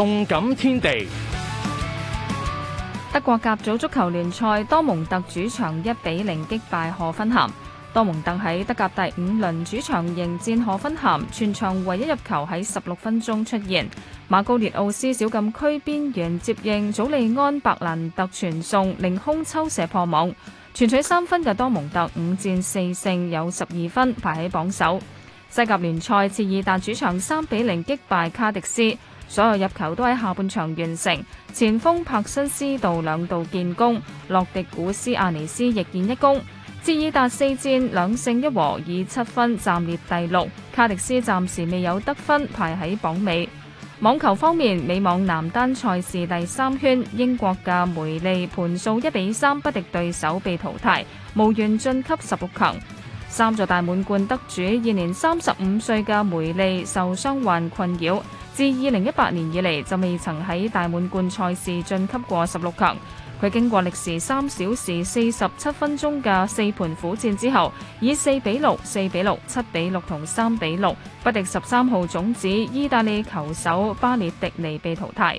動感天地。德國甲組足球聯賽，多蒙特主場一比零擊敗賀芬咸。多蒙特喺德甲第五輪主場迎戰賀芬咸，全場唯一入球喺十六分鐘出現，馬高列奧斯小禁區邊緣接應，祖利安白蘭特傳送，凌空抽射破網，全取三分嘅多蒙特五戰四勝，有十二分排喺榜首。西甲聯賽切爾達主場三比零擊敗卡迪斯。所有入球都喺下半場完成，前鋒帕辛斯道兩度建功，洛迪古斯阿尼斯亦建一功。至爾達四戰兩勝一和，以七分暫列第六。卡迪斯暫時未有得分，排喺榜尾。網球方面，美網男單賽事第三圈，英國嘅梅利盤數一比三不敵對手，被淘汰，無緣晉級十六強。三座大滿貫得主，現年三十五歲嘅梅利受傷患困擾，自二零一八年以嚟就未曾喺大滿貫賽事晉級過十六強。佢經過歷時三小時四十七分鐘嘅四盤苦戰之後，以四比六、四比六、七比六同三比六不敵十三號種子意大利球手巴列迪尼被淘汰。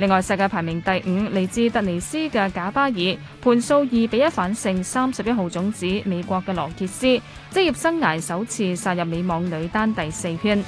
另外，世界排名第五、嚟自突尼斯嘅賈巴爾，盤數二比一反勝三十一號種子美國嘅羅傑斯，職業生涯首次殺入美網女單第四圈。